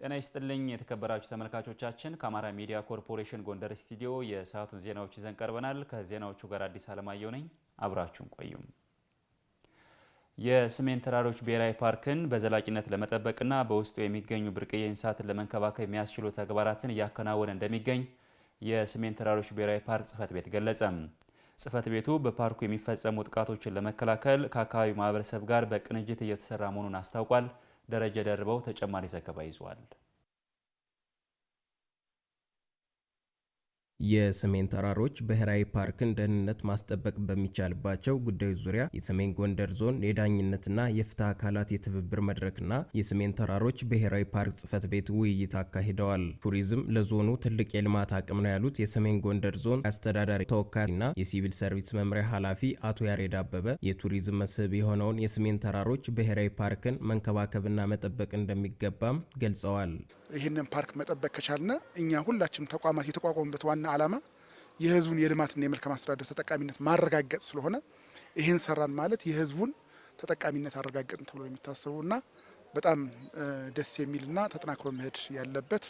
ጤና ይስጥልኝ የተከበራችሁ ተመልካቾቻችን፣ ከአማራ ሚዲያ ኮርፖሬሽን ጎንደር ስቱዲዮ የሰዓቱን ዜናዎች ይዘን ቀርበናል። ከዜናዎቹ ጋር አዲስ አለማየሁ ነኝ። አብራችሁን ቆዩም። የስሜን ተራሮች ብሔራዊ ፓርክን በዘላቂነት ለመጠበቅና በውስጡ የሚገኙ ብርቅዬ እንስሳትን ለመንከባከብ የሚያስችሉ ተግባራትን እያከናወነ እንደሚገኝ የሰሜን ተራሮች ብሔራዊ ፓርክ ጽፈት ቤት ገለጸ። ጽፈት ቤቱ በፓርኩ የሚፈጸሙ ጥቃቶችን ለመከላከል ከአካባቢው ማህበረሰብ ጋር በቅንጅት እየተሰራ መሆኑን አስታውቋል። ደረጀ ደርበው ተጨማሪ ዘገባ ይዟል። የሰሜን ተራሮች ብሔራዊ ፓርክን ደህንነት ማስጠበቅ በሚቻልባቸው ጉዳዮች ዙሪያ የሰሜን ጎንደር ዞን የዳኝነትና የፍትህ አካላት የትብብር መድረክና የሰሜን ተራሮች ብሔራዊ ፓርክ ጽህፈት ቤት ውይይት አካሂደዋል። ቱሪዝም ለዞኑ ትልቅ የልማት አቅም ነው ያሉት የሰሜን ጎንደር ዞን አስተዳዳሪ ተወካይና የሲቪል ሰርቪስ መምሪያ ኃላፊ አቶ ያሬድ አበበ የቱሪዝም መስህብ የሆነውን የሰሜን ተራሮች ብሔራዊ ፓርክን መንከባከብና መጠበቅ እንደሚገባም ገልጸዋል። ይህንን ፓርክ መጠበቅ ከቻልነ እኛ ሁላችንም ተቋማት የተቋቋሙበት ዋና ዓላማ የህዝቡን የልማትና የመልካም አስተዳደር ተጠቃሚነት ማረጋገጥ ስለሆነ ይህን ሰራን ማለት የህዝቡን ተጠቃሚነት አረጋገጥን ተብሎ የሚታሰቡና በጣም ደስ የሚልና ተጠናክሮ መሄድ ያለበት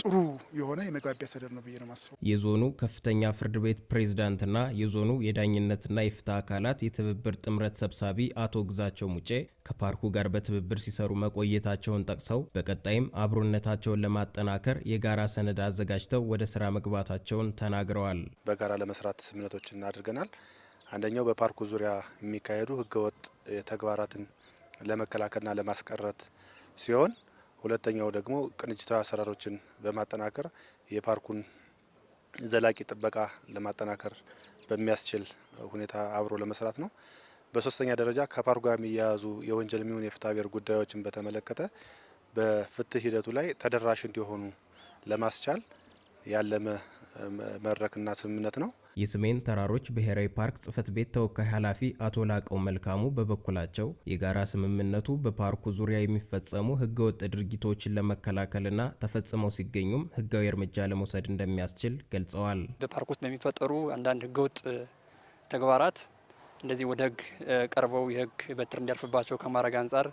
ጥሩ የሆነ የመግባቢያ ሰነድ ነው ብዬ ነው ማስበው። የዞኑ ከፍተኛ ፍርድ ቤት ፕሬዝዳንትና የዞኑ የዳኝነትና የፍትህ አካላት የትብብር ጥምረት ሰብሳቢ አቶ ግዛቸው ሙጬ ከፓርኩ ጋር በትብብር ሲሰሩ መቆየታቸውን ጠቅሰው በቀጣይም አብሮነታቸውን ለማጠናከር የጋራ ሰነድ አዘጋጅተው ወደ ስራ መግባታቸውን ተናግረዋል። በጋራ ለመስራት ስምምነቶችን አድርገናል። አንደኛው በፓርኩ ዙሪያ የሚካሄዱ ህገወጥ ተግባራትን ለመከላከልና ለማስቀረት ሲሆን ሁለተኛው ደግሞ ቅንጅታዊ አሰራሮችን በማጠናከር የፓርኩን ዘላቂ ጥበቃ ለማጠናከር በሚያስችል ሁኔታ አብሮ ለመስራት ነው። በሶስተኛ ደረጃ ከፓርኩ ጋር የሚያያዙ የወንጀል የሚሆን የፍትሐብሔር ጉዳዮችን በተመለከተ በፍትህ ሂደቱ ላይ ተደራሽ እንዲሆኑ ለማስቻል ያለመ መድረክና ስምምነት ነው። የሰሜን ተራሮች ብሔራዊ ፓርክ ጽህፈት ቤት ተወካይ ኃላፊ አቶ ላቀው መልካሙ በበኩላቸው የጋራ ስምምነቱ በፓርኩ ዙሪያ የሚፈጸሙ ህገወጥ ድርጊቶችን ለመከላከልና ተፈጽመው ሲገኙም ህጋዊ እርምጃ ለመውሰድ እንደሚያስችል ገልጸዋል። በፓርክ ውስጥ በሚፈጠሩ አንዳንድ ህገወጥ ተግባራት እንደዚህ ወደ ህግ ቀርበው የህግ በትር እንዲያርፍባቸው ከማድረግ አንጻር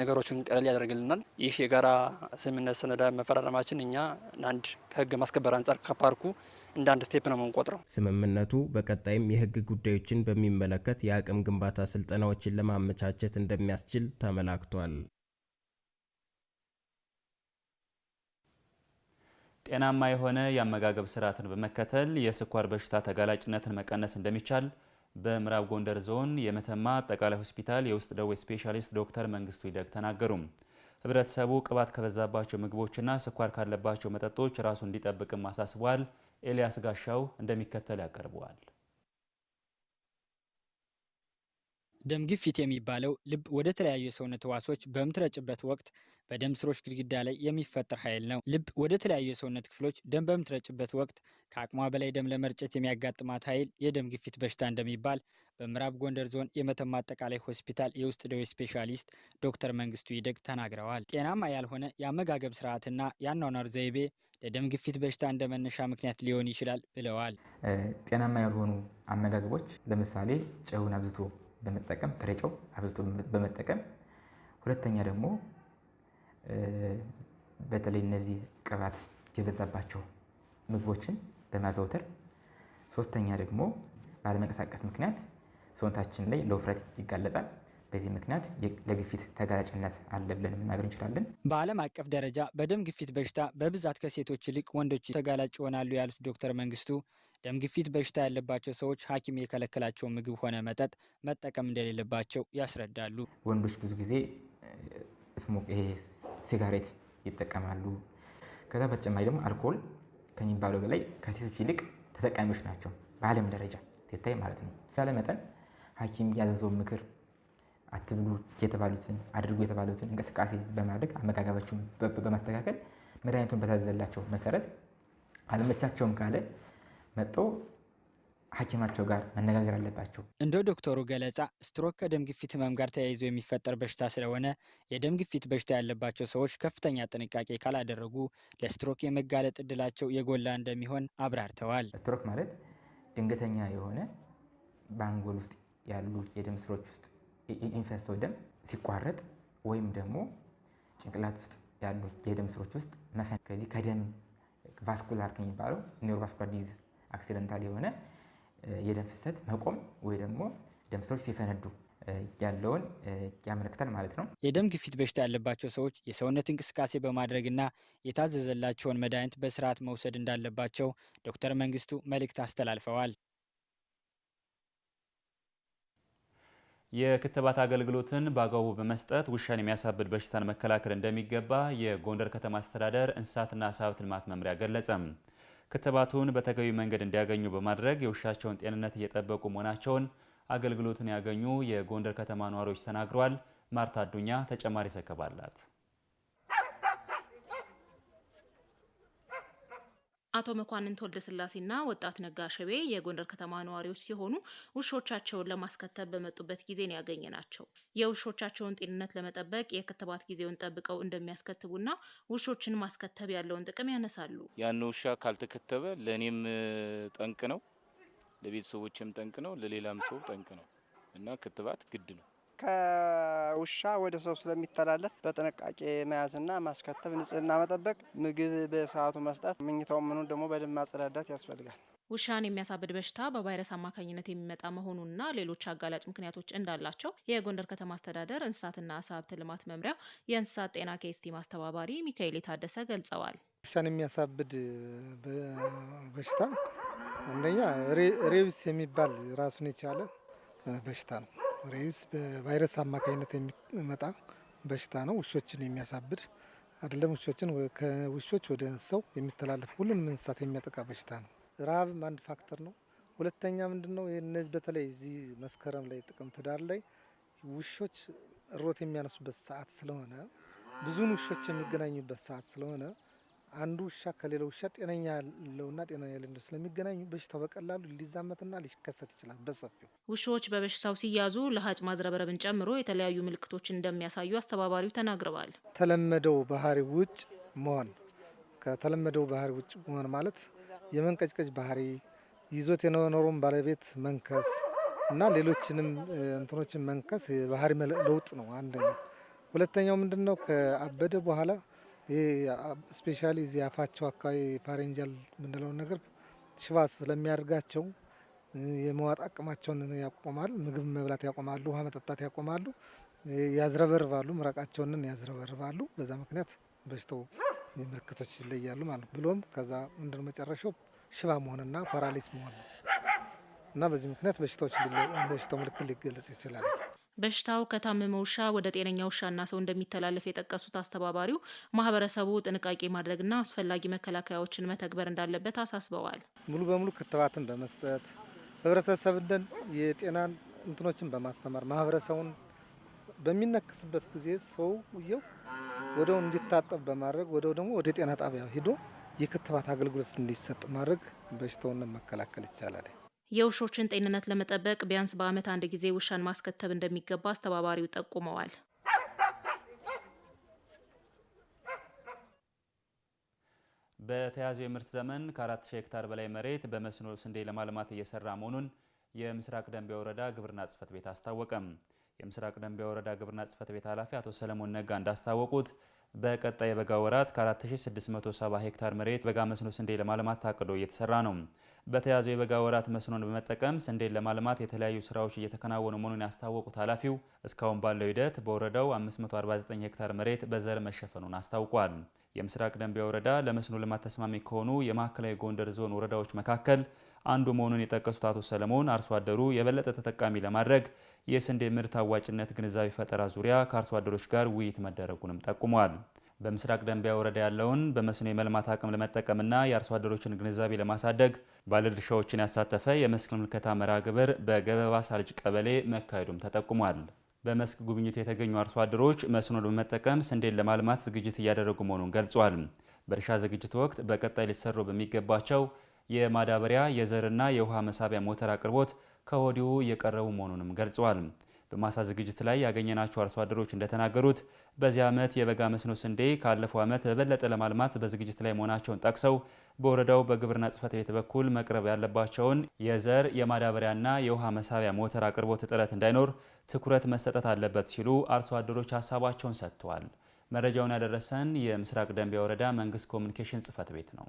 ነገሮችን ቀለል ያደርግልናል። ይህ የጋራ ስምምነት ሰነዳ መፈራረማችን እኛ አንድ ከህግ ማስከበር አንጻር ከፓርኩ እንደ አንድ ስቴፕ ነው የምንቆጥረው። ስምምነቱ በቀጣይም የህግ ጉዳዮችን በሚመለከት የአቅም ግንባታ ስልጠናዎችን ለማመቻቸት እንደሚያስችል ተመላክቷል። ጤናማ የሆነ የአመጋገብ ስርዓትን በመከተል የስኳር በሽታ ተጋላጭነትን መቀነስ እንደሚቻል በምዕራብ ጎንደር ዞን የመተማ አጠቃላይ ሆስፒታል የውስጥ ደዌ ስፔሻሊስት ዶክተር መንግስቱ ይደግ ተናገሩም። ህብረተሰቡ ቅባት ከበዛባቸው ምግቦችና ስኳር ካለባቸው መጠጦች ራሱ እንዲጠብቅም አሳስቧል። ኤልያስ ጋሻው እንደሚከተል ያቀርበዋል። ደም ግፊት የሚባለው ልብ ወደ ተለያዩ የሰውነት ህዋሶች በምትረጭበት ወቅት በደም ስሮች ግድግዳ ላይ የሚፈጠር ኃይል ነው። ልብ ወደ ተለያዩ የሰውነት ክፍሎች ደም በምትረጭበት ወቅት ከአቅሟ በላይ ደም ለመርጨት የሚያጋጥማት ኃይል የደም ግፊት በሽታ እንደሚባል በምዕራብ ጎንደር ዞን የመተማ አጠቃላይ ሆስፒታል የውስጥ ደዌ ስፔሻሊስት ዶክተር መንግስቱ ይደግ ተናግረዋል። ጤናማ ያልሆነ የአመጋገብ ስርዓትና የአኗኗር ዘይቤ ለደም ግፊት በሽታ እንደ መነሻ ምክንያት ሊሆን ይችላል ብለዋል። ጤናማ ያልሆኑ አመጋገቦች ለምሳሌ ጨውን አብዝቶ በመጠቀም ጥሬ ጨው አብዝቶ በመጠቀም ሁለተኛ ደግሞ በተለይ እነዚህ ቅባት የበዛባቸው ምግቦችን በማዘውተር ሶስተኛ ደግሞ ባለመንቀሳቀስ ምክንያት ሰውነታችን ላይ ለውፍረት ይጋለጣል። በዚህ ምክንያት ለግፊት ተጋላጭነት አለ ብለን መናገር እንችላለን። በዓለም አቀፍ ደረጃ በደም ግፊት በሽታ በብዛት ከሴቶች ይልቅ ወንዶች ተጋላጭ ይሆናሉ ያሉት ዶክተር መንግስቱ ደም ግፊት በሽታ ያለባቸው ሰዎች ሐኪም የከለከላቸው ምግብ ሆነ መጠጥ መጠቀም እንደሌለባቸው ያስረዳሉ። ወንዶች ብዙ ጊዜ ስሞክ ይሄ ሲጋሬት ይጠቀማሉ። ከዛ በተጨማሪ ደግሞ አልኮል ከሚባለው በላይ ከሴቶች ይልቅ ተጠቃሚዎች ናቸው በዓለም ደረጃ ሲታይ ማለት ነው። ያለ መጠን ሐኪም ያዘዘውን ምክር አትብሉ የተባሉትን አድርጉ የተባሉትን እንቅስቃሴ በማድረግ አመጋገባቸውን በማስተካከል መድኃኒቱን በታዘዘላቸው መሰረት አልመቻቸውም ካለ መጥተው ሐኪማቸው ጋር መነጋገር አለባቸው። እንደ ዶክተሩ ገለጻ ስትሮክ ከደም ግፊት ህመም ጋር ተያይዞ የሚፈጠር በሽታ ስለሆነ የደም ግፊት በሽታ ያለባቸው ሰዎች ከፍተኛ ጥንቃቄ ካላደረጉ ለስትሮክ የመጋለጥ እድላቸው የጎላ እንደሚሆን አብራርተዋል። ስትሮክ ማለት ድንገተኛ የሆነ በአንጎል ውስጥ ያሉ የደም ስሮች ውስጥ የሚፈሰው ደም ሲቋረጥ ወይም ደግሞ ጭንቅላት ውስጥ ያሉ የደም ስሮች ውስጥ መፈን ከዚህ ከደም ቫስኩላር ከሚባለው ኒሮቫስኩላር ዲዚዝ አክሲደንታል የሆነ የደም ፍሰት መቆም ወይ ደግሞ ደም ስሮች ሲፈነዱ ያለውን ያመለክታል ማለት ነው። የደም ግፊት በሽታ ያለባቸው ሰዎች የሰውነት እንቅስቃሴ በማድረግና የታዘዘላቸውን መድኃኒት በስርዓት መውሰድ እንዳለባቸው ዶክተር መንግስቱ መልእክት አስተላልፈዋል። የክትባት አገልግሎትን በአግባቡ በመስጠት ውሻን የሚያሳብድ በሽታን መከላከል እንደሚገባ የጎንደር ከተማ አስተዳደር እንስሳትና ዓሳ ሀብት ልማት መምሪያ ገለጸም። ክትባቱን በተገቢ መንገድ እንዲያገኙ በማድረግ የውሻቸውን ጤንነት እየጠበቁ መሆናቸውን አገልግሎቱን ያገኙ የጎንደር ከተማ ነዋሪዎች ተናግረዋል። ማርታ አዱኛ ተጨማሪ ዘገባ አላት። አቶ መኳንንት ና ወጣት ነጋ የጎንደር ከተማ ነዋሪዎች ሲሆኑ ውሾቻቸውን ለማስከተብ በመጡበት ጊዜ ነው ናቸው። የውሾቻቸውን ጤንነት ለመጠበቅ የክትባት ጊዜውን ጠብቀው እንደሚያስከትቡና ውሾችን ማስከተብ ያለውን ጥቅም ያነሳሉ። ያን ውሻ ካልተከተበ ለእኔም ጠንቅ ነው፣ ለቤተሰቦችም ጠንቅ ነው፣ ለሌላም ሰው ጠንቅ ነው እና ክትባት ግድ ነው። ውሻ ወደ ሰው ስለሚተላለፍ በጥንቃቄ መያዝና ማስከተብ፣ ንጽህና መጠበቅ፣ ምግብ በሰዓቱ መስጠት፣ ምኝታው ምኑ ደግሞ በደንብ ማጸዳዳት ያስፈልጋል። ውሻን የሚያሳብድ በሽታ በቫይረስ አማካኝነት የሚመጣ መሆኑና ሌሎች አጋላጭ ምክንያቶች እንዳላቸው የጎንደር ከተማ አስተዳደር እንስሳትና ዓሳ ሀብት ልማት መምሪያ የእንስሳት ጤና ኬስቲ ማስተባባሪ ሚካኤል የታደሰ ገልጸዋል። ውሻን የሚያሳብድ በሽታ አንደኛ ሬቢስ የሚባል ራሱን የቻለ በሽታ ነው። ሬቢስ በቫይረስ አማካኝነት የሚመጣ በሽታ ነው። ውሾችን የሚያሳብድ አይደለም። ውሾችን ከውሾች ወደ ሰው የሚተላለፍ ሁሉንም እንስሳት የሚያጠቃ በሽታ ነው። ረሃብም አንድ ፋክተር ነው። ሁለተኛ ምንድን ነው? እነዚህ በተለይ እዚህ መስከረም ላይ ጥቅምት፣ ዳር ላይ ውሾች እሮት የሚያነሱበት ሰዓት ስለሆነ ብዙን ውሾች የሚገናኙበት ሰዓት ስለሆነ አንዱ ውሻ ከሌላ ውሻ ጤነኛ ያለውና ጤነኛ ያለው ስለሚገናኙ በሽታው በቀላሉ ሊዛመትና ሊከሰት ይችላል። በሰፊው ውሾች በበሽታው ሲያዙ ለሀጭ ማዝረበረብን ጨምሮ የተለያዩ ምልክቶች እንደሚያሳዩ አስተባባሪው ተናግረዋል። ተለመደው ባህሪ ውጭ መሆን ከተለመደው ባህሪ ውጭ መሆን ማለት የመንቀጭቀጭ ባህሪ ይዞት የኖረውን ባለቤት መንከስ እና ሌሎችንም እንትኖችን መንከስ የባህሪ ለውጥ ነው አንደኛው። ሁለተኛው ምንድን ነው? ከአበደ በኋላ ይሄ ስፔሻሊ እዚህ አፋቸው አካባቢ ፋሬንጃል የምንለውን ነገር ሽባ ስለሚያደርጋቸው የመዋጥ አቅማቸውን ያቆማል። ምግብ መብላት ያቆማሉ፣ ውሃ መጠጣት ያቆማሉ፣ ያዝረበርባሉ፣ ምራቃቸውንን ያዝረበርባሉ። በዛ ምክንያት በሽታው ምልክቶች ይለያሉ ማለት ነው። ብሎም ከዛ ምንድነው መጨረሻው ሽባ መሆንና ፓራሊስ መሆን ነው እና በዚህ ምክንያት በሽታዎች በሽታው ምልክት ሊገለጽ ይችላል። በሽታው ከታመመ ውሻ ወደ ጤነኛ ውሻና ሰው እንደሚተላለፍ የጠቀሱት አስተባባሪው ማህበረሰቡ ጥንቃቄ ማድረግና አስፈላጊ መከላከያዎችን መተግበር እንዳለበት አሳስበዋል። ሙሉ በሙሉ ክትባትን በመስጠት ህብረተሰብን የጤና እንትኖችን በማስተማር ማህበረሰቡን በሚነክስበት ጊዜ ሰውየው ወደው እንዲታጠብ በማድረግ ወደው ደግሞ ወደ ጤና ጣቢያ ሄዶ የክትባት አገልግሎት እንዲሰጥ ማድረግ በሽታውን መከላከል ይቻላል። የውሾችን ጤንነት ለመጠበቅ ቢያንስ በዓመት አንድ ጊዜ ውሻን ማስከተብ እንደሚገባ አስተባባሪው ጠቁመዋል። በተያዘው የምርት ዘመን ከአራት ሺህ ሄክታር በላይ መሬት በመስኖ ስንዴ ለማልማት እየሰራ መሆኑን የምስራቅ ደንቢያ ወረዳ ግብርና ጽሕፈት ቤት አስታወቀም። የምስራቅ ደንቢያ ወረዳ ግብርና ጽሕፈት ቤት ኃላፊ አቶ ሰለሞን ነጋ እንዳስታወቁት በቀጣይ የበጋ ወራት ከ4670 ሄክታር መሬት በጋ መስኖ ስንዴ ለማልማት ታቅዶ እየተሰራ ነው። በተያዘው የበጋ ወራት መስኖን በመጠቀም ስንዴን ለማልማት የተለያዩ ስራዎች እየተከናወኑ መሆኑን ያስታወቁት ኃላፊው እስካሁን ባለው ሂደት በወረዳው 549 ሄክታር መሬት በዘር መሸፈኑን አስታውቋል። የምስራቅ ደንቢያ ወረዳ ለመስኖ ልማት ተስማሚ ከሆኑ የማዕከላዊ ጎንደር ዞን ወረዳዎች መካከል አንዱ መሆኑን የጠቀሱት አቶ ሰለሞን አርሶ አደሩ የበለጠ ተጠቃሚ ለማድረግ የስንዴ ምርት አዋጭነት ግንዛቤ ፈጠራ ዙሪያ ከአርሶ አደሮች ጋር ውይይት መደረጉንም ጠቁመዋል። በምስራቅ ደንቢያ ወረዳ ያለውን በመስኖ የመልማት አቅም ለመጠቀምና የአርሶ አደሮችን ግንዛቤ ለማሳደግ ባለድርሻዎችን ያሳተፈ የመስክ ምልከታ መርሃ ግብር በገበባ ሳልጅ ቀበሌ መካሄዱም ተጠቁሟል። በመስክ ጉብኝቱ የተገኙ አርሶ አደሮች መስኖን በመጠቀም ስንዴን ለማልማት ዝግጅት እያደረጉ መሆኑን ገልጿል። በእርሻ ዝግጅት ወቅት በቀጣይ ሊሰሩ በሚገባቸው የማዳበሪያ የዘርና የውሃ መሳቢያ ሞተር አቅርቦት ከወዲሁ የቀረቡ መሆኑንም ገልጸዋል። በማሳ ዝግጅት ላይ ያገኘናቸው አርሶ አደሮች እንደተናገሩት በዚህ ዓመት የበጋ መስኖ ስንዴ ካለፈው ዓመት በበለጠ ለማልማት በዝግጅት ላይ መሆናቸውን ጠቅሰው በወረዳው በግብርና ጽሕፈት ቤት በኩል መቅረብ ያለባቸውን የዘር የማዳበሪያና የውሃ መሳቢያ ሞተር አቅርቦት እጥረት እንዳይኖር ትኩረት መሰጠት አለበት ሲሉ አርሶ አደሮች ሀሳባቸውን ሰጥተዋል። መረጃውን ያደረሰን የምስራቅ ደንቢያ ወረዳ መንግስት ኮሚኒኬሽን ጽሕፈት ቤት ነው።